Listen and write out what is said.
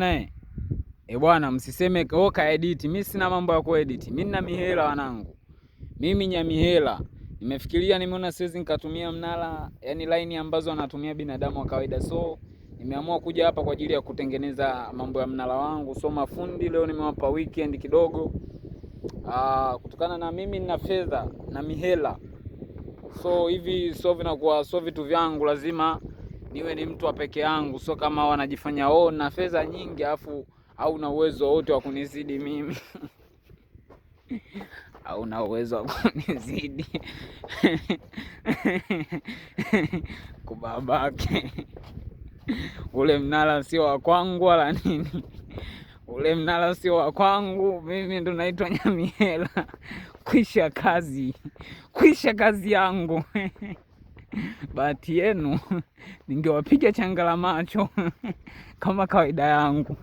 Naye e bwana, msiseme oh, edit. Mimi sina mambo ya kuedit, mimi nina mihela wanangu, mimi nya mihela. Nimefikiria, nimeona siwezi nikatumia mnara, yani line ambazo anatumia binadamu wa kawaida, so nimeamua kuja hapa kwa ajili ya kutengeneza mambo ya mnara wangu. So mafundi leo nimewapa weekend kidogo, aa, ah, kutokana na mimi nina fedha na mihela, so hivi so vinakuwa so vitu vyangu lazima niwe ni mtu wa peke yangu, sio kama wanajifanya oh, na fedha nyingi afu au na uwezo wote wa kunizidi mimi au na uwezo wa kunizidi kubabake. Ule mnara sio wa kwangu wala nini, ule mnara sio wa kwangu mimi, ndo naitwa Nyamihela. Kwisha kazi, kwisha kazi yangu bahati yenu ningewapiga changa la macho kama kawaida yangu.